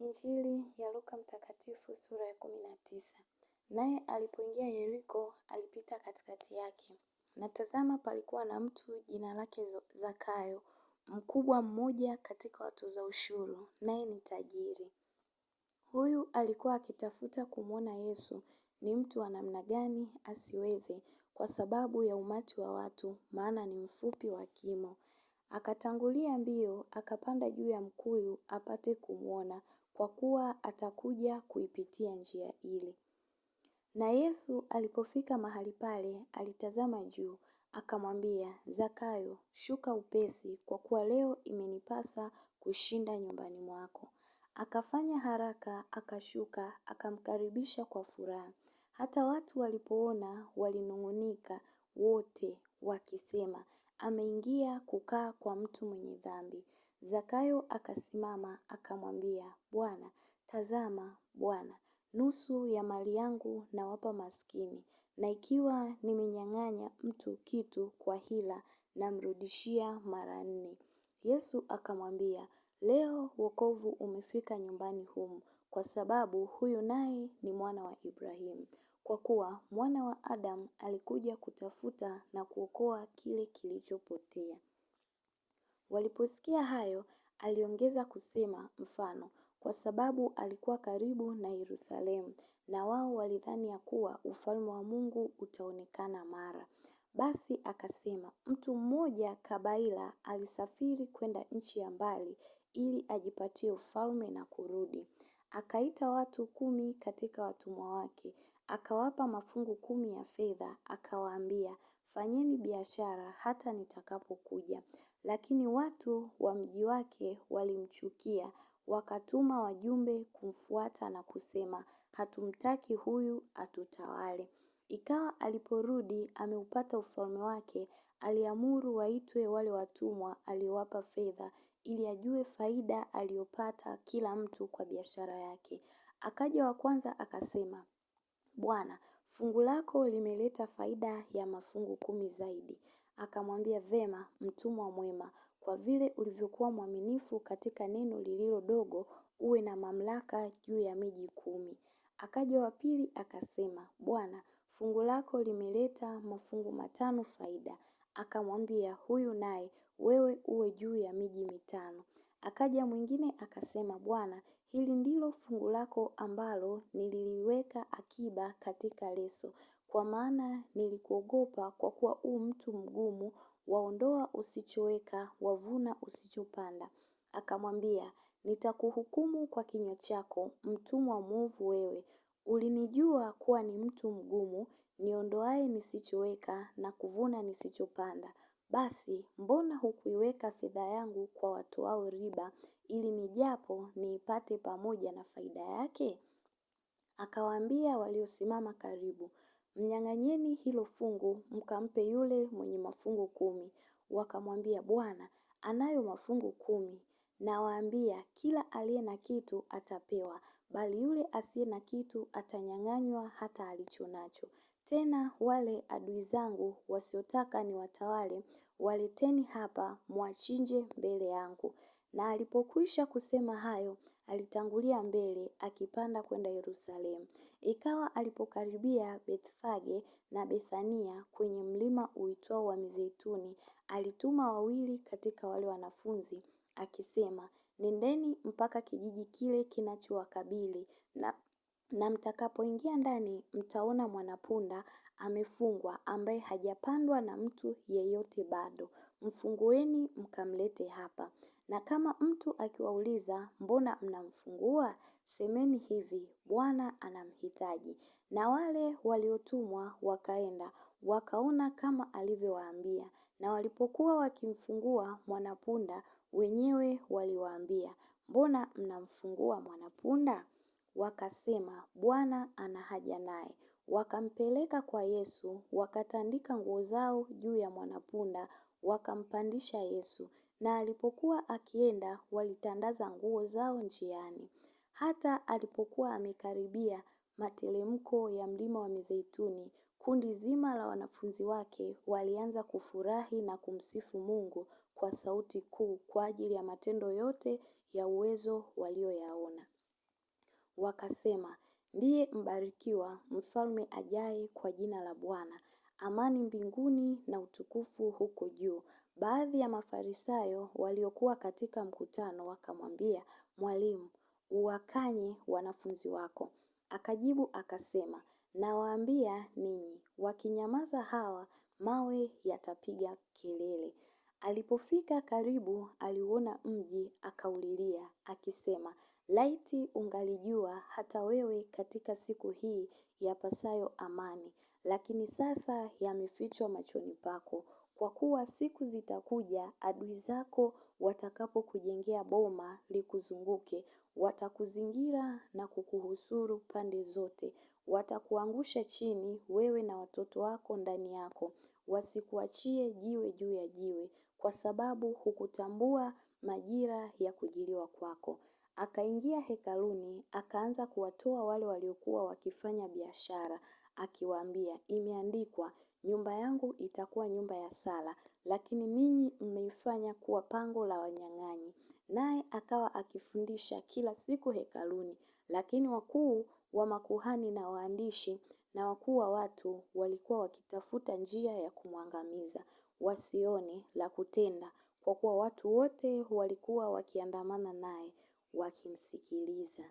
Injili ya Luka mtakatifu sura ya kumi na tisa. Naye alipoingia Yeriko, alipita katikati yake. Na tazama, palikuwa na mtu jina lake Zakayo, mkubwa mmoja katika watoza ushuru, naye ni tajiri. Huyu alikuwa akitafuta kumwona Yesu ni mtu wa namna gani asiweze, kwa sababu ya umati wa watu, maana ni mfupi wa kimo. Akatangulia mbio, akapanda juu ya mkuyu apate kumwona, kwa kuwa atakuja kuipitia njia ile. Na Yesu alipofika mahali pale, alitazama juu, akamwambia Zakayo, shuka upesi, kwa kuwa leo imenipasa kushinda nyumbani mwako. Akafanya haraka, akashuka, akamkaribisha kwa furaha. Hata watu walipoona walinung'unika wote wakisema, ameingia kukaa kwa mtu mwenye dhambi. Zakayo akasimama akamwambia Bwana, tazama Bwana, nusu ya mali yangu nawapa maskini, na ikiwa nimenyang'anya mtu kitu kwa hila, namrudishia mara nne. Yesu akamwambia, leo wokovu umefika nyumbani humu, kwa sababu huyu naye ni mwana wa Ibrahimu. Kwa kuwa mwana wa Adamu alikuja kutafuta na kuokoa kile kilichopotea. Waliposikia hayo, aliongeza kusema mfano, kwa sababu alikuwa karibu na Yerusalemu, na wao walidhani ya kuwa ufalme wa Mungu utaonekana mara. Basi akasema, mtu mmoja kabaila alisafiri kwenda nchi ya mbali ili ajipatie ufalme na kurudi. Akaita watu kumi katika watumwa wake, akawapa mafungu kumi ya fedha, akawaambia, fanyeni biashara hata nitakapokuja. Lakini watu wa mji wake walimchukia, wakatuma wajumbe kumfuata na kusema, hatumtaki huyu atutawale. Ikawa aliporudi ameupata ufalme wake, aliamuru waitwe wale watumwa aliowapa fedha, ili ajue faida aliyopata kila mtu kwa biashara yake. Akaja wa kwanza akasema, Bwana, fungu lako limeleta faida ya mafungu kumi zaidi. Akamwambia, "Vema mtumwa mwema, kwa vile ulivyokuwa mwaminifu katika neno lililo dogo, uwe na mamlaka juu ya miji kumi." Akaja wa pili akasema, "Bwana, fungu lako limeleta mafungu matano faida." Akamwambia huyu naye, "Wewe uwe juu ya miji mitano." Akaja mwingine akasema, "Bwana, hili ndilo fungu lako ambalo nililiweka akiba katika leso. Kwa maana nilikuogopa kwa kuwa u mtu mgumu, waondoa usichoweka, wavuna usichopanda. Akamwambia, nitakuhukumu kwa kinywa chako, mtumwa mwovu wewe. Ulinijua kuwa ni mtu mgumu, niondoaye nisichoweka na kuvuna nisichopanda. Basi, mbona hukuiweka fedha yangu kwa watoao riba, ili nijapo niipate pamoja na faida yake? Akawaambia waliosimama karibu, Mnyang'anyeni hilo fungu mkampe yule mwenye mafungu kumi. Wakamwambia, Bwana anayo mafungu kumi. Nawaambia, kila aliye na kitu atapewa, bali yule asiye na kitu atanyang'anywa hata alicho nacho. Tena wale adui zangu wasiotaka ni watawale waleteni hapa, mwachinje mbele yangu. Na alipokwisha kusema hayo, alitangulia mbele akipanda kwenda Yerusalemu. Ikawa alipokaribia Bethfage na Bethania kwenye mlima uitwao wa Mizeituni, alituma wawili katika wale wanafunzi akisema, Nendeni mpaka kijiji kile kinachowakabili na na mtakapoingia ndani mtaona mwanapunda amefungwa ambaye hajapandwa na mtu yeyote bado. Mfungueni mkamlete hapa. Na kama mtu akiwauliza mbona mnamfungua? Semeni hivi, Bwana anamhitaji. Na wale waliotumwa wakaenda, wakaona kama alivyowaambia. Na walipokuwa wakimfungua mwanapunda, wenyewe waliwaambia, mbona mnamfungua mwanapunda? Wakasema, Bwana ana haja naye. Wakampeleka kwa Yesu, wakatandika nguo zao juu ya mwanapunda, wakampandisha Yesu na alipokuwa akienda walitandaza nguo zao njiani. Hata alipokuwa amekaribia matelemko ya mlima wa Mizeituni, kundi zima la wanafunzi wake walianza kufurahi na kumsifu Mungu kwa sauti kuu kwa ajili ya matendo yote ya uwezo walioyaona. Wakasema, ndiye mbarikiwa mfalme ajaye kwa jina la Bwana amani mbinguni na utukufu huko juu. Baadhi ya Mafarisayo waliokuwa katika mkutano wakamwambia, Mwalimu, uwakanye wanafunzi wako. Akajibu akasema, nawaambia ninyi, wakinyamaza hawa, mawe yatapiga kelele. Alipofika karibu, aliuona mji, akaulilia akisema, laiti ungalijua hata wewe katika siku hii yapasayo amani lakini sasa yamefichwa machoni pako. Kwa kuwa siku zitakuja, adui zako watakapokujengea boma likuzunguke, watakuzingira na kukuhusuru pande zote, watakuangusha chini, wewe na watoto wako ndani yako, wasikuachie jiwe juu ya jiwe, kwa sababu hukutambua majira ya kujiliwa kwako. Akaingia hekaluni, akaanza kuwatoa wale waliokuwa wakifanya biashara akiwaambia, imeandikwa nyumba yangu itakuwa nyumba ya sala, lakini ninyi mmeifanya kuwa pango la wanyang'anyi. Naye akawa akifundisha kila siku hekaluni, lakini wakuu wa makuhani na waandishi na wakuu wa watu walikuwa wakitafuta njia ya kumwangamiza, wasione la kutenda, kwa kuwa watu wote walikuwa wakiandamana naye wakimsikiliza.